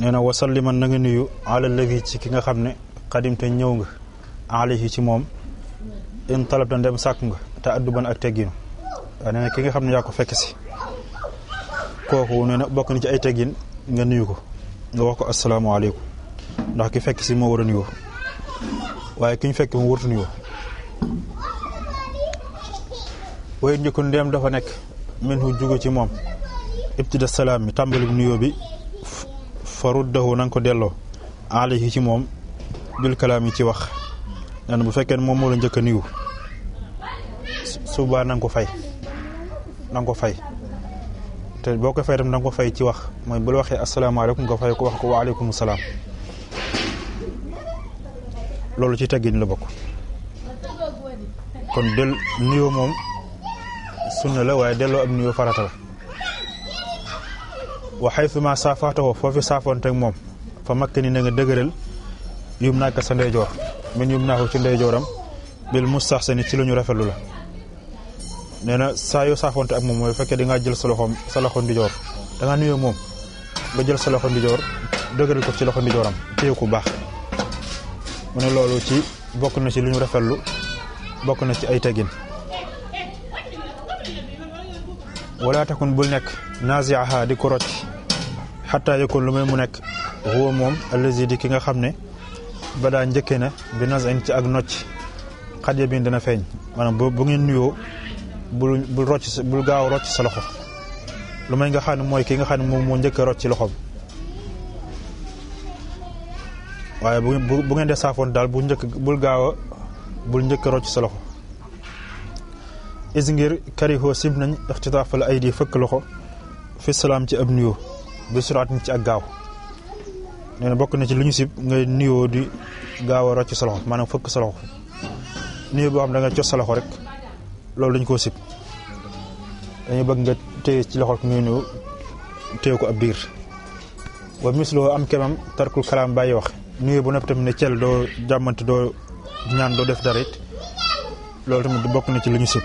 nee na wasalliman na nga nuyu alalladi ci ki nga xam ne xadimte ñëw nga alayhi ci moom in talabta ndem sàkku nga te adduban ak tegginu waaw nee ki nga xam ne yaa ko fekk si kooku nee bokk na ci ay teggin nga nuyu ko nga wax ko asalaamaaleykum ndax ki fekk si moo war a nuyoo waaye ki ñu fekk mu wartu nuyoo waaye ndem dafa nekk min hu jóge ci moom ibtida salaam mi tàmbali nuyoo bi faruddahu na nga ko delloo alayhi ci moom bil kalaam yi ci wax nan bu fekkee moom moo la njëkk a nuyu subaa na nga ko fay na ko fay te boo ko fay tam na ko fay ci wax mooy bu la waxee asalaamaaleykum ko fay ko wax ko waaleykum salaam loolu ci teggin la bokk kon del nuyoo moom sunna la waaye delloo ab nuyoo farata wa xaytuma saafaatoo foofi saafoonteeg moom fa makka ni na nga dëgëral yum naaka sa ndeyjoor min yum naaku ci ndeyjooram bil mustaxsani ci lu ñu rafetlu la nee na saa yoo ak moom mooy fekkee da ngaa jël sa loxoom sa loxo ndijoor da ngaa nuyoo moom nga jël sa loxo ndijoor dëgëral ko ci loxo ndijooram téye ku baax mu ne loolu ci bokk na ci lu ñu rafetlu bokk na ci ay tegin wala takun bul nekk naziaha di ko rocc حتى يكون لومي منك هو موم الذي دي كيغا خامني بدا نجيكنا بنز انت اك نوتش خديه بين دنا فين مان بو نيو بول بول روتش بول غاو روتش سلوخو لومي غا خاني موي كيغا خاني موم مو نجيك روتش لوخو waye bu bu ngeen de safone dal bu ñëk bu gaawa bu ñëk ro ci solo isngir kariho sibnañ ixtitaf al aidi fekk loxo fi salam ci ab nuyo bi siraat ci ak gaaw neena bokk na ci luñu sip nga nuyo di gaaw a rocc sa loxo maanaam fëkk sa loxo niyoo boo xam da nga cos sa rek loolu dañ koo sip dañu bëgg nga téye ci loxol ngay nuyo téye ko ab diir wa misloo am kemam tarkul kalaam bàyyi wax nuyo bu nepp tamit ne cel doo jàmmante doo ñaan doo def dara it loolu tamit bokk na ci luñu ñu sib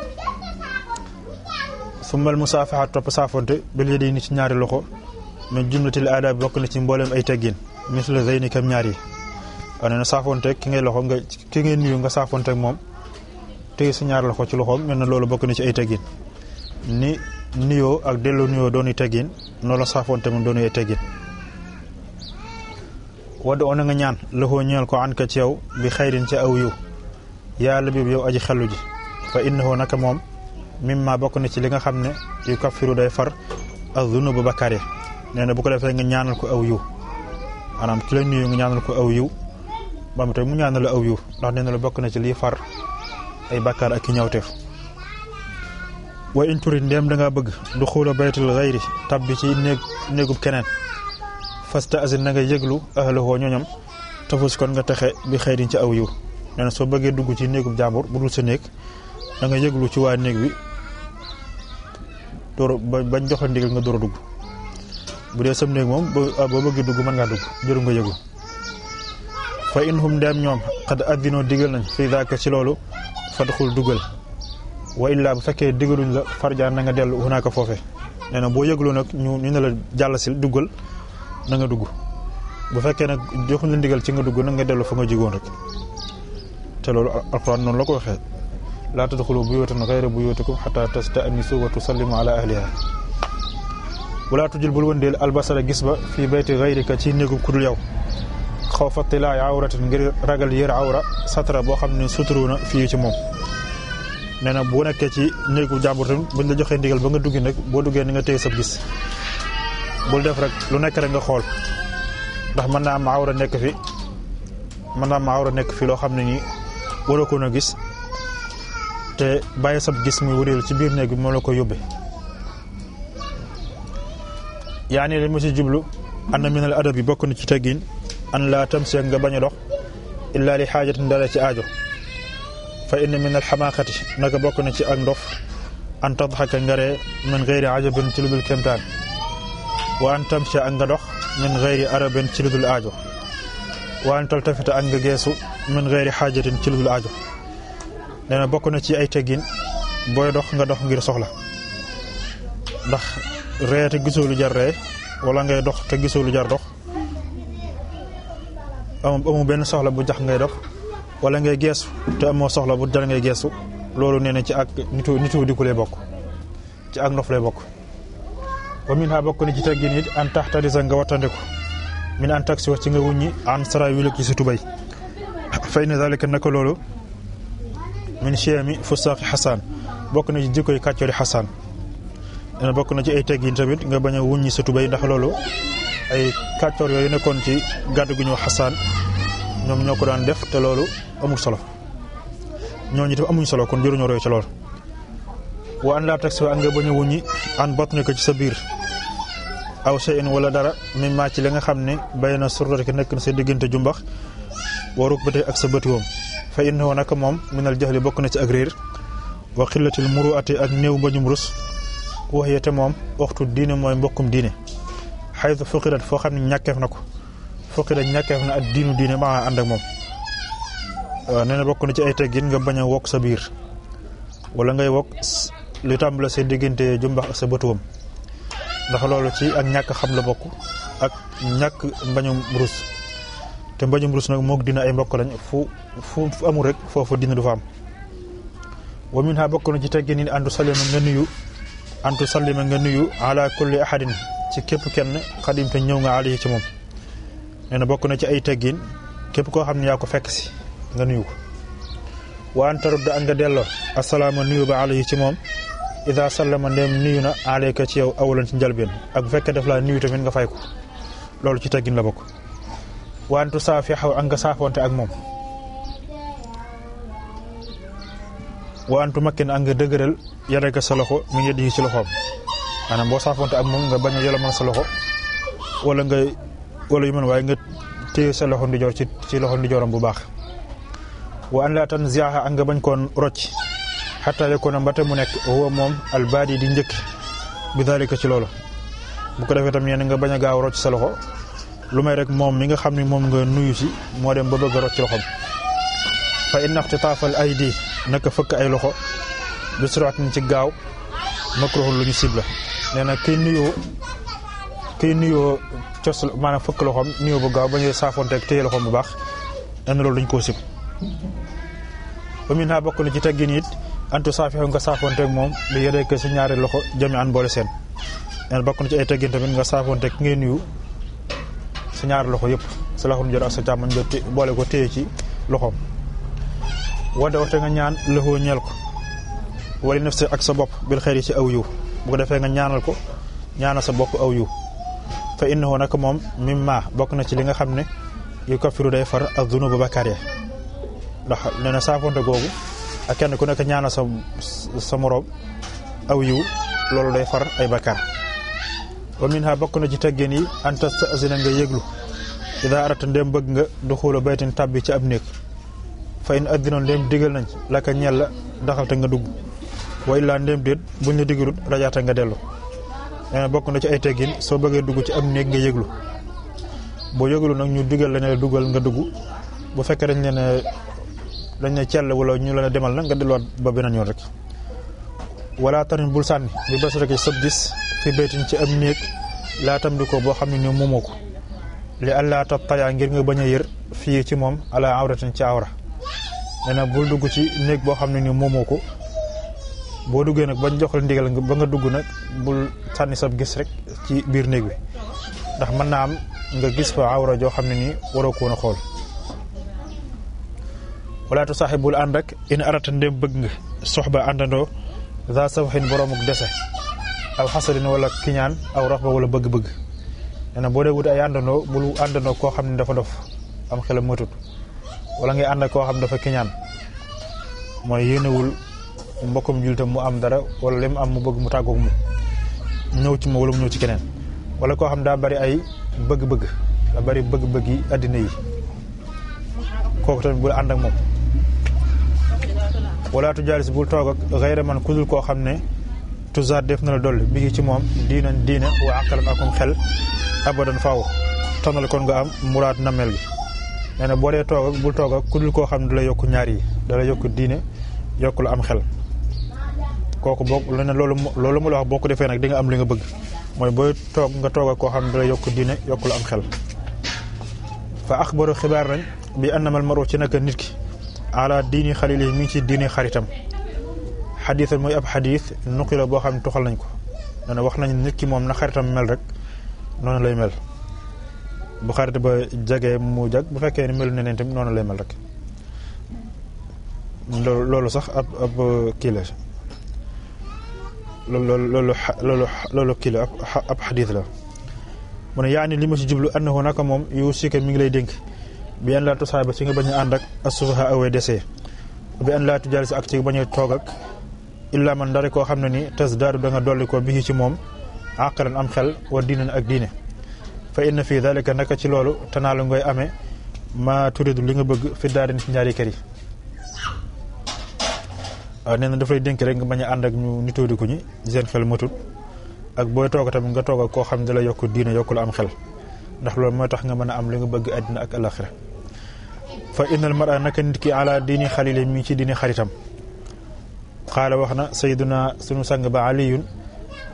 sumbal musaafaxaat topp saafonte ba léegi ni ci ñaari loxo min jumlatil aadab bokk na ci mbooleem ay teggin misla zeyni kam ñaar yi wane na saafoonteeg ki ngay loxo nga ki ngay nuyu nga saafoonteeg moom tey si loxo ci loxoom mel na loolu bokk ci ay teggin ni nuyoo ak delloo nuyoo doonu teggin noonu la saafoonte moom doonu ay teggin wadda oona nga ñaan loxoo ñeel ko ànka ci yow bi xayrin ci aw yiw yaa labib yow aji xellu ji fa innahu naka moom mimma bokk na ci li nga xam ne yu kafiru day far ak zunubu bakkaar yi nee bu ko defee nga ñaanal ko aw yu maanaam ci la nuyu nga ñaanal ko aw yu ba mu mu ñaanal aw yu ndax nee la bokk na ci li far ay bakkar ak ñawtef wa in turi ndem da nga bëgg du xuula baytul tab tabbi ci neeg neegub kenen fasta azin na nga yëglu ahluhoo ñoñam tafus kon nga taxé bi xëyrin ci aw yu nee so bëgge dugg ci neegub jambur bu dul sa neeg da nga yeglu ci wa neeg wi dor bañ nga dor bu dee sam néeg moom ah, boo bëgg dugg man ngaa dugg jëru nga yëgu fa inhum ndeem ñoom xad addinoo digal nañ fii daaka ci loolu fadxul dugal wa illaa bu fekkee digaluñ la farjaan na nga dellu hunaaka foofe nee na boo yëgloo nag ñu ñu ne la jàll si duggal na nga dugg bu fekkee nag joxuñ la ndigal ci nga dugg na nga dellu fa nga jigoon rek te loolu alxuraan noonu la ko waxee laa tadxulu bu gayra buyuutikum xataa tasta'nisu wa tusallimu ala ahliha wala tujul bul wëndeel albasara gis ba fii bayti gayrika ci néegub kudul yow xaw fa tilaay awratin ngir ragal yër awra satara boo xam ne suturu na fii ci moom nee na boo nekkee ci néegu jàmbur tamit buñ la joxee ndigal ba nga duggi nag boo duggee ni nga téye sa gis def rek lu nekk rek nga xool ndax mën naa am awra nekk fi mën naa am awra nekk fi loo xam ne nii waroo ko na gis te bàyyi sab gis muy wëreelu ci biir néeg bi moo la ko yóbbee يعني لما تجبلو أن من الأدب بكون تتجين أن لا تمسي عن جبان يروح إلا لحاجة دارة أجو فإن من الحماقة نكبوك نتي أنروف أن تضحك أنجري من غير عجب تلد الكمتان وأن تمشي أنجروح من غير عرب تلد الأجو وأن تلتفت أنجيسو من غير حاجة تلد الأجو لأن بوك نتي أي تجين بوي روح نجروح غير صهلة ree te gisoo lu jar ree wala ngay dox te gisoo lu jar dox amu benn soxla bu jax ngay dox wala ngay geesu te amoo soxla bu jar ngay geesu loolu nee na ci ak nitu nitu lay bokk ci ak ndof lay bokk ba min xaa bokk na ci teggin it an tax tarisa nga wattandiku min an taksi wax ci nga wuññi an sara wi ci sa tubay fay na zalika naka loolu min chiami fusaaxi xasaan bokk na ci jikkoy kàccoori xasaan dana bokk na ci ay yi tamit nga bañ a wuññi sa tubay ndax loolu ay kàccoor yooyu nekkoon ci gàddu gu ñoo xasaan ñoom ñoo ko daan def te loolu amul solo ñi tam amuñ solo kon jëruñoo roy ci loolu wa an laa tag nga bañ a an bot ko ci sa biir aw wala dara min ma ci li nga xam ne bay na surdat ki sa diggante jumbax waruk ba ak sa woom fa innahu naka moom minal jahli bokk na ci ak réer wa xillatil muruati ak néew mbañum rus wax ya te moom waxtu diine mooy mbokkum diine xaytu fuqirat foo xam ne ñàkkeef na ko fuqirat ñàkkeef na ak diinu diine maa ànd ak moom waaw nee na bokk na ci ay teggin nga bañ a wokk sa biir wala ngay wokk lu tàmbale sa diggante jumbax ak sa bëtuwam ndax loolu ci ak ñàkk xam la bokk ak ñàkk mbañum rus te mbañum rus nag moog dina ay mbokk lañ fu fu amul rek foofu dina du fa am wa min bokk na ci teggin yi àndu salima nga nuyu an sallima nga nuyu ala kulli ahadin ci képp kenn xadim te ñëw nga alayhi ci moom nee na bokk na ci ay teggin képp koo xam ne yaa ko fekk si nga nuyu ko wa an tarudda nga delloo asalaama nuyu ba alayhi ci moom ida sallama ndem nuyu na alayka ci yow awalan ci njalbeen ak bu fekkee def laa nuyu tamit nga fay ko loolu ci teggin la bokk wa an saafi xaw nga saafonte ak moom wa antuma ken nga deugeral yare ka saloxo mi di ci loxom manam bo safonte ak mom nga baña yelamal man saloxo wala nga wala yu man way nga teye sa loxo jor ci ci loxo ndi bu baax wa an la ziyaha bañ kon roc hatta yakuna mbate mu nek wo mom al badi di ñeuk bi dalika ci lolo bu ko defé tam yeen nga baña gaaw roc sa lumay rek mom mi nga xamni mom nga nuyu ci mo dem ba bëgg roc ci fa inna ixtitaafal aydi naka fëkk ay loxo bi suraatin ci gaaw makruhun lu ñu sibla nee na kiy nuyoo kiy nuyoo cos maanaam fëkk loxoom nuyoo bu gaaw ba ñëwee saafoonteeg téye loxoom bu baax nee na loolu dañ koo sib ba bokk na ci teggin it antu saafixu nga saafoonteeg moom li yedee ko si loxo jami an boole seen nee na bokk na ci ay teggin tamit nga saafoonteeg ngay nuyu si ñaari loxo yëpp sa loxo nu jot ak sa càmmoñ nga boole ko téye ci loxoom wante waxte nga ñaan lëxoo ñeel ko wali naf ak sa bopp bil xëy ci aw yiw bu defee nga ñaanal ko ñaanal sa bopp aw yiw fa innahu nag moom mimma bokk na ci li nga xam ne yu kafiru day far ak dunubu bakkaar ya ndax nee na saafonte googu ak kenn ku nekk ñaana sa sa moroom aw loolu day far ay bakkaar wa min ha bokk na ci teggin yi an tasta'zina nga yëglu ida arata ndem bëgg nga du duxula baytin tabbi ci ab néeg fa in addinoon ndéem digal nañ laka ñel la daxal te nga dugg wa illaa ndéem déet buñ la digalut rajaata nga dellu nee eh, na bokk na ci ay teggin soo bëggee dugg ci am néeg nga yëglu boo yëglu nag ñu digal la duggal nga dugg bu fekkee dañ leen ne cell wala ñu leen demal nag nga delluwaat ba beneen yoon rek wala tarin bul sànni bi bés rek sëb gis fi baytin ci am néeg laa tam ko boo xam ne ni moomoo ko li àllaa tab tayaa ngir nga bañ a yër fii ci moom ala awratin ci awra nee bul dugg ci néeg boo xam ne ni moomoo ko boo duggee nag bañ jox la ndigal ba nga dugg nag bul sànni sab gis rek ci biir néeg bi ndax mën naa am nga gis fa awra joo xam ne nii waroo ko woon a xool walaatu saaxi bul ànd ak in arata ndem bëgg nga soxba àndandoo za safaxin boroomuk dese aw xasadin wala kiñaan aw raxba wala bëgg-bëgg nee na boo dee wut ay àndandoo bul àndandoo koo xam ne dafa dof am xelam matut wala ngay àndak koo xam dafa kiñaan mooy yéenewul mbokkam jullitam mu am dara wala li mu am mu bëgg mu tàggoog mu ñëw ci ma wala mu ñëw ci keneen wala koo xam daa bari ay bëgg-bëgg daa bari bëgg-bëgg yi àddina yi kooku tamit bul ànd moom walaatu tu jaalis bul toog ak xayra man kudul koo xam ne tousa def na dool dolli mi ngi ci moom diinan diina wa aqalan akum xel abadan faaw tanal kon nga am muraad na bi nee na boo dee toog ak bul toog ak ku dul koo xam ne la yokk ñaar yi da la yokk diine yokk lu am xel kooku boo lu ne loolu loolu mu la wax boo ko defee nag di nga am li nga bëgg mooy booy toog nga toog ak koo xam ne du yokk diine yokk lu am xel fa axbaru xibaar nañ bi annamal maru ci naka nit ki ala diini xalil yi mi ci diini xaritam xadiisal mooy ab xadiis nuqila la boo xam ne tuxal nañ ko nee wax nañ nit ki moom na xaritam mel rek noonu lay mel bu xarit ba jege mu jag bu fekkee ni melu nene neen tamit noonu lay mel rek loolu sax ab ab kii la loolu loolu loolu loolu kii la ab xadis la mu ne yaani li ma si jublu annahu naka moom yu sika mi ngi lay dénk bi an laa tusaaba si nga bañ a ànd ak asufaha awee desee bi an laa tujaal si ak ci bañ a toog ak illa man dara koo xam ni tas daaru da nga dolli ko bi ci moom am xel wa diinan ak diine fa inna fi dhalika naka ci lolu tanalu ngoy amé ma turidu li nga bëgg fi daarin ci ñaari kër yi nee na daf lay dénk rek nga baña and ak ñu nitoodiku ñi jeen xel matul ak boy toog tam nga toog ko xam yokku diina am xel ndax lolu motax nga mëna am li nga bëgg adina ak al-akhirah fa innal mar'a naka nit ki ala dini khalil mi ci dini kharitam qala waxna sayyiduna sunu sang ba aliyun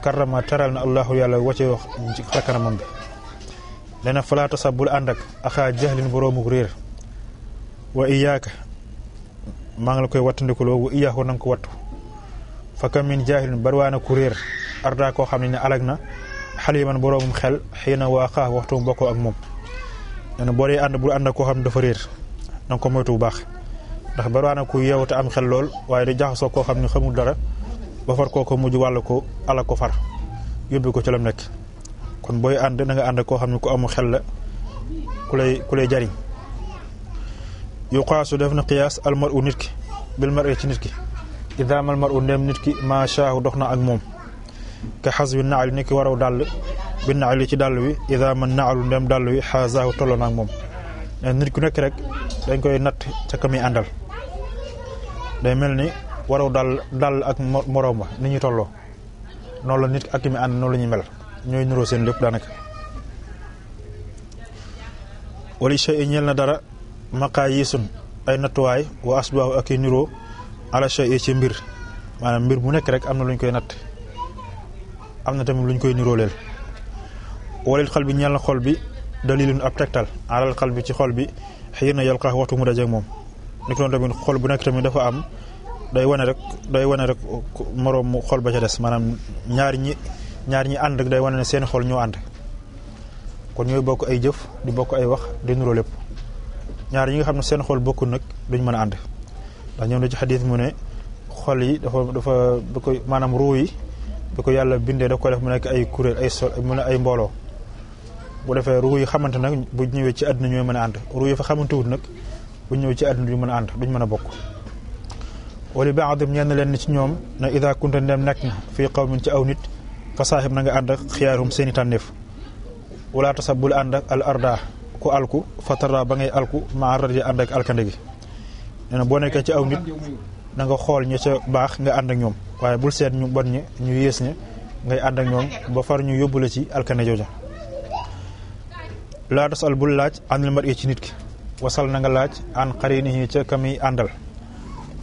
karama taralna na allahu wacce wax ci lena falaata sax bul ànd ak axaa jahlin boroomuk réer wa iyaaka maa ngi la koy wattandikuloo wa iyaahu na ko wattu fakam min jaahilin waana ku réer arda koo xam ne ne alag na xaliman boroomum xel xëy na waa xaax waxtu mu bokkoo ak moom nee na boo ànd bul ànd ak koo xam ne dafa réer na nga ko moytu bu baax ndax barwaana ku yeewu am xel lool waaye di jaxasoo koo xam ne xamul dara ba far koo ko mujj wàll ko ala ko far yóbbu ko ci lam nekk kon boy ànd na nga ànd ko xamni ko amu xel la kulay lay ku lay jariñ yuqaasu def na qiyas al mar'u nitki bil mar'i ci nitki idha idaamal mar'u nem nitki ma maashaahu dox na ak mom ka xas wi naal ni waraw dal bin naal ci dal wi idha man naalu nem dal wi hazahu tolloo ak mom nit ku nekk rek dañ koy nat ca kami àndal day melni waraw dal dal ak moroom wa ni ñu tolloo non la nit akimi ànd non la ñu mel ñooy niroo seen lépp daanaka wala shay ñeel na dara maqaa yisun ay nattuwaay wa asbaahu ak i nuroo ala shay ci mbir maanaam mbir mu nekk rek am na luñ koy natt am na tamit luñ koy nirooleel walil xal bi ñeel na xol bi dalilun ab tegtal alal xal bi ci xol bi xëy na yalqaax a mu moom ni ko tamit xol bu nekk tamit dafa am day wane rek day wane rek moroom xol ba ca des maanaam ñaar ñi ñaar ñi ànd rek day wone seen xol ñu ànd kon ñoy bokk ay jëf di bokk ay wax di nuro lépp ñaar ñi nga xamne seen xol bokku nak duñ mëna ànd da ñëw na ci hadith mu ne xol yi dafa dafa bi ko maanaam ruu yi bi ko yàlla binde da ko def mu nek ay kuréel ay sol mu ne ay mbolo bu defé ruu yi xamante nak bu ñewé ci aduna ñoy mëna ànd ruu yi fa xamante wut nak bu ñew ci aduna duñ mëna ànd duñ mëna a bokk wali baadim ñenn leen إذا كنت نم na في قوم ndem nekk na fa sahib na nga and ak khiyarum seeni tanef wala tasab and ak al arda ku alku fatara ba ngay alku ma rajo and ak alkande gi nee na boo ci aw nit na nga xol ña ci bax nga and ak ñom waye bul seet ñu bon ñi ñu yes ña ngay and ak ñom ba far ñu yobul ci alkane jojo la tasal bul laaj al mar'i ci nit ki wasal na nga laaj an qarinihi ci kami andal,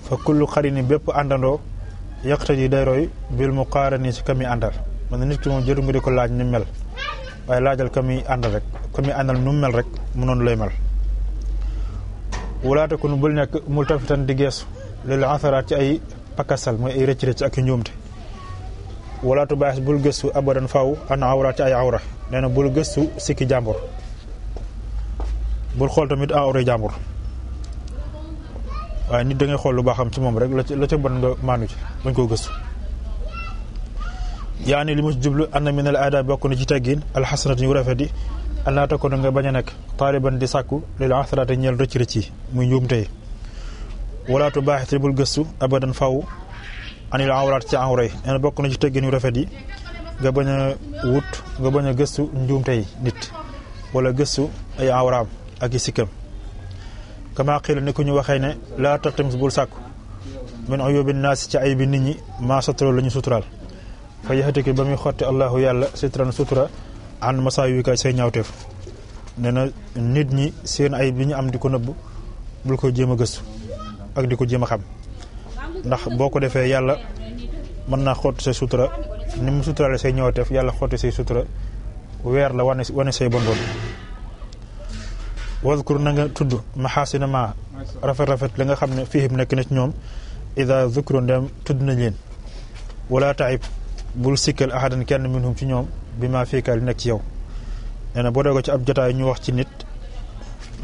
fa kullu xarini bepp andando yaqtaji dayroy bil muqarani ci kami andal man na nit ki moom jëru nga di ko laaj ni mel waaye laajal ka muy àndal rek ka muy àndal nu mel rek mu noonu lay mel walaata kon bul nekk multafitan di geesu lil ansaraat ci ay pakasal mooy ay rëcc rëcc ak i njuumte walaatu baax bul gëstu abadan faw an awra ci ay awra nee bul gëstu sikki jàmbur bul xool tamit awra jàmbur waaye nit da ngay xool lu baaxam ci moom rek la ca la ca nga maanu ci bañ koo gëstu yaani li mu jublu anna min al aada bokk na ci teggin alxasanat yu rafet yi allah takkoon nga bañ a nekk taaliban di sàkku lil asraata ñeel rëcc rëcc yi muy njuumte yi walaatu baaxit bul gëstu abadan faw anil awraat ci awra yi nee bokk na ci teggin yu rafet yi nga bañ wut nga bañ gëstu njuumte yi nit gëstu ay awraam ak i sikkam kama xiila ni ku ñu waxee ne laa taqtims bul sàkku min uyubi naas ci ay bi nit ñi maa sotoro la ñu fa yaxatiki ba muy xotti allahu yàlla na sutura an masaawika say ñaawteef nee na nit ñi seen ay bi ñu am di ko nëbb bul ko jéem a gëstu ak di ko jëm a xam ndax boo ko defee yàlla mën naa xotti say sutura ni mu suturaale say ñaawteef yàlla xotti say sutura weer la wane wane say bon bon wazkur na nga tudd maxaasina ma rafet rafet la nga xam ne fihim nekk na ci ñoom ida zukru ndem tudd na leen wala taib bul sikkal ahadan kenn minhum ci ñoom bi maa fiika li nekk ci yow nee na boo dee ko ci ab jotaay ñu wax ci nit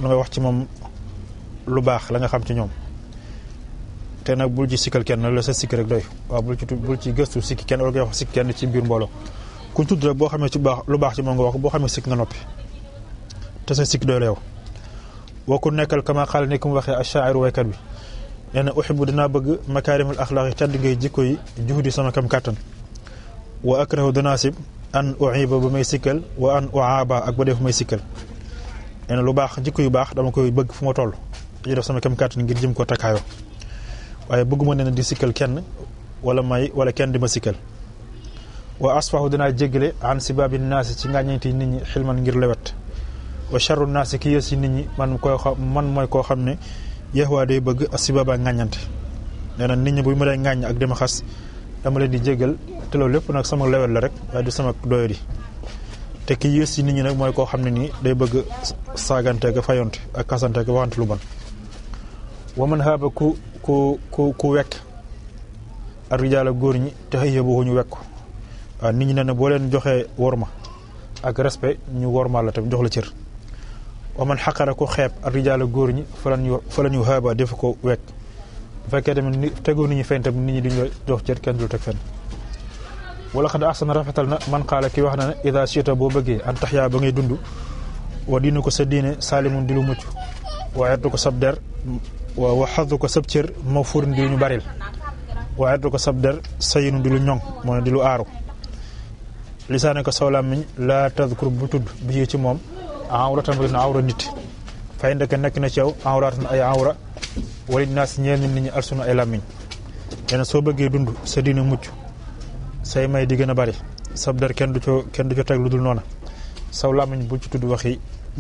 lu nga wax ci moom lu baax la nga xam ci ñoom te nag bul ci sikkal kenn la sa sikk rek doy waaw bul ci bul ci gëstu sikki kenn wala nga sikk kenn ci biir mbooloo ku tudd rek boo xamee ci baax ci moom boo xamee sikk nga noppi te sa sikk doy la yow woo ku nekkal kama xaal ni ku mu waxee ashaaru waykat bi nee na uxibu dinaa bëgg makaarimul axlaaq yi tedd ngay jikko yi juhdi sama kam kàttan wa akrahu danaa sib an uiba ba may sikkal wa an uaaba ak ba def may sikkal nee lu baax jikko yu baax dama koy bëgg fu ma toll di def sama kem kàttan ngir jëm ko takkaayoo waaye bëgguma nee na di sikkal kenn wala may wala kenn di ma sikkal wa asfahu danaa jéggale an sibaabi naasi ci ngàññeenti nit ñi xilman ngir lewet wa charu naasi ki yées yi nit ñi man koy xam mooy koo xam ne yeex waa bëgg asibaaba ngàññante nee na nit ñi bu ma lay ngàññ ak dama leen di jégal te loolu lépp nag sama lewet la rek waaye du sama doyadi te ki yées ci nit ñi nag mooy koo xam ne nii day bëgg saagante ak fayonte ak kasante ak waxante lu bon wa man haaba ku ku ku ku wekk ak rijaala góor ñi te xëy bu ñu wekk waaw nit ñi ne ne boo leen joxee worma ak respect ñu worma la tam jox la cër wa man xaqara ku xeeb ak rijaala góor ñi fa la ñu fa la ñu haaba def ko wekk bu fekkee tamit ni tegoo nit ñi fen tamit nit ñi duñ la jox cër kenn du teg fen wala xad rafetal na man kaala ki wax na ne ida chita boo bëggee an tax yaa ba ngay dund wa diinu ko sa diine saalimun dilu mucc wa erdu ko sab der wa waxadu ko sab cër ma furin di lu ñu baril wa erdu ko sab der sayinu di lu ñoŋ moo ne di aaru lisaane ko saw làmmiñ laa tadkur bu tudd bi ci moom awra tamit na awra nit fay ndeke nekk na ci yow awraatan ay awra Wain nas ñeel nit ñi al sunu ay lamiñ neena soo bëggee dund sa dina mucc say may di gëna bari sab dar kenn du ci kenn du ci tag lu dul noona saw lamiñ bu ci tuddu waxi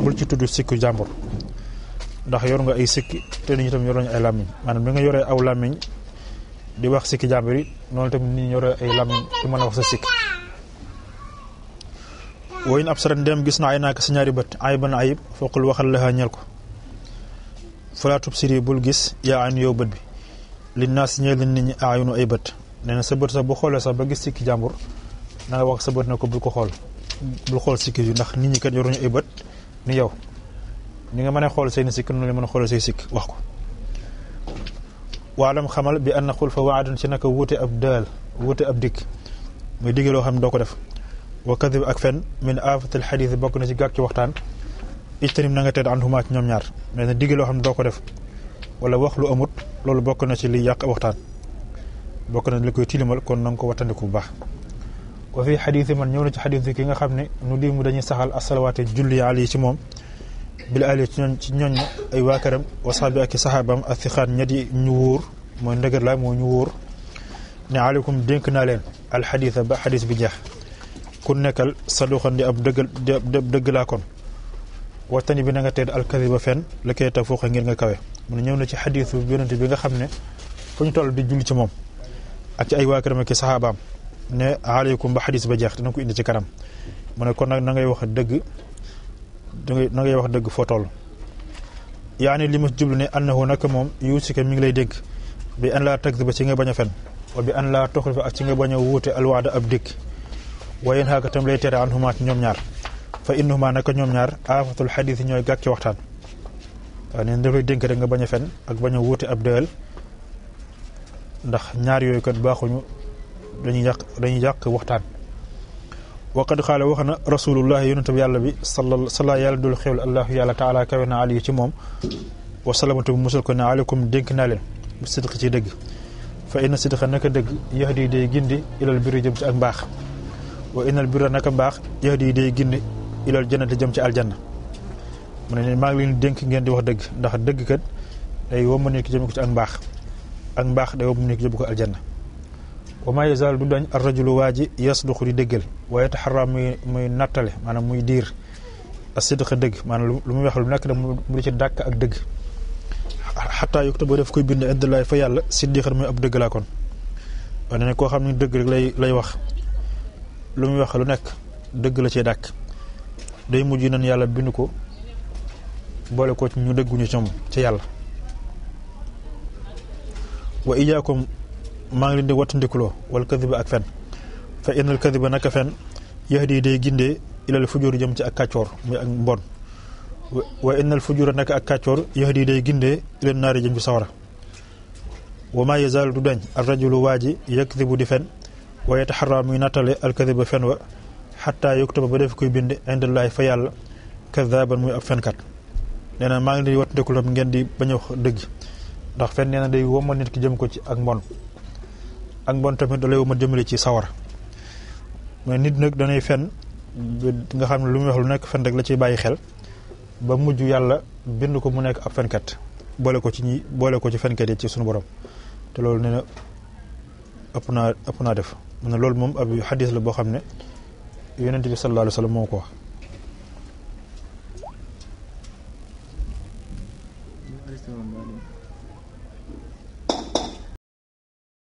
bu ci tuddu sikku jàmbur ndax yor nga ay sikki te nit ñi tam yor ay lamiñ maanaam nga yoré aw lamiñ di wax sikki yi tam ñi yoré ay lamiñ ci mëna wax sa sikki absaran dem gis na ay naaka sa ñaari bët ban ayib fokul waxal la ñal ko falaa tubsiri bul gis yaa ayn yow bët bi li naas ñeel nit ñi aayunu ay bët nee na sa bët sax bu xoolee sax ba gis sikki jàmbur na nga wax sa bët ne bul ko xool bul xool sikki yu ndax nit ñi kat yoruñu ay bët ni yow ni nga mën a seen sikk noonu la mën a xool wax ko waalam xamal bi anna xul fa waadun ci naka wuute ab daal wuute ab dikk muy digg xam ne ko def wa kadib ak fen min aafatil xadis bokk na ci gàkk ci ijtanim na nga tedd ànduma ci ñoom ñaar nee na digg loo xam ne doo ko def wala wax lu amut loolu bokk na ci liy yàq waxtaan bokk na li koy tilimal kon na nga ko wattandiku bu baax wa fi xadiisi man ñëw na ci xadiisi ki nga xam ne nu di mu dañuy saxal asalawaate julli ali ci moom bil ali ci ñooñ ci ñooñ ay waa këram wasaabi ak i saxaabam ak si xaan ñet yi ñu wóor mooy ndëgër laa moo ñu wóor ne aleykum dénk naa leen alxadiisa ba xadiis bi jeex ku nekkal saduxan di ab dëgg di ab dëgg laa kon waxtani bi na nga teet alkadiba fen la koy teg fooqa ngir nga kawe mu ne ñëw na ci xadiisu yonente bi nga xam ne fu ñu toll di julli ci moom ak ci ay waa këram ak i saxaabaam ne aleykum ba xadis ba jeex dina ko indi ci kanam mu ne kon nag na ngay wax dëgg na ngay wax dëgg foo toll yaani li ma jublu ne annahu naka moom yuusika mi ngi lay dégg bi an laa tagdiba ci nga bañ a fen wa bi an laa toxlifa ak ci nga bañ a wuute alwaada ab dikk wayen xaaka tam lay tere an xumaat ñoom ñaar fa innahuma naka ñoom ñaar aafatul xadis ñooy gàkk ci waxtaan waaw neen dafay dénk rek nga bañ a fen ak bañ a wuute ab dëël ndax ñaar yooyu kat baaxuñu dañuy yàq dañuy yàq waxtaan waqad xaala wax na rasulullahi yonente bi yàlla bi sala sala yàlla dul xewal allahu yàlla taala kawe na aliyu ci moom wa salamatu bi musul ko ne aleykum dénk naa leen bi sidq ci dëgg fa inna sidqa naka dëgg yahdi day gindi ilal biri jëm ci ak mbaax wa innal bira naka mbaax yahdi day gindi ilal jannati jëm ci aljanna mu ne leen maa ngi leen dénk ngeen di wax dëgg ndax dëgg kat day womb nit ki jëm ko ci ak mbaax ak mbaax day womb nit ki jëm ko aljanna wa maa yazaal du dañ ar rajulu waa ji yasduqu di dëggal waaye taxaraa muy muy nattale maanaam muy diir asidqa dëgg maanaam lu muy wax lu nekk da mu di ci dàkk ak dëgg xataa yokk te ba def koy bind fa yàlla siddiqan ab dëgg laa kon wane ne koo xam ne dëgg rek lay lay wax lu muy wax lu nekk dëgg la cee dàkk day mujj nan yàlla bind ko boole ko ñu dëgguñu ci moom yàlla wa iyaakum maa ngi leen di wattandikuloo wal kadiba ak fen fa inal kadiba naka fen yahdi day gindee ilal fujur jëm ci ak kàccoor muy ak mbon wa inal fujura naka ak kàccoor yahdi day gindee ilal naari jëm ci sawara wa maa yazaalu du dañ ar rajulu waa ji yakdibu di fen wa yataxarra muy nattale al kadiba fen wa xataa yuktaba ba def koy bind indallaay fa yàlla kazaban muy ab fenkat nee maa ngi leen di wattandiku ngeen di bañ a wax dëgg ndax fen nee na day womal nit ki jëm ko ci ak mbon ak mbon tamit da womal jëmale ci sawar mais nit nag danay fen nga xam ne lu muy wax lu nekk fen rek la ciy bàyyi xel ba mujj yàlla bind ko mu nekk ab fenkat boole ko ci ñi boole ko ci fenkat yi ci suñu borom te loolu nee na ëpp naa ëpp naa def mu ne loolu moom ab xadis la boo xam ne yonent bi sallallahu alayhi wa sallam moo ko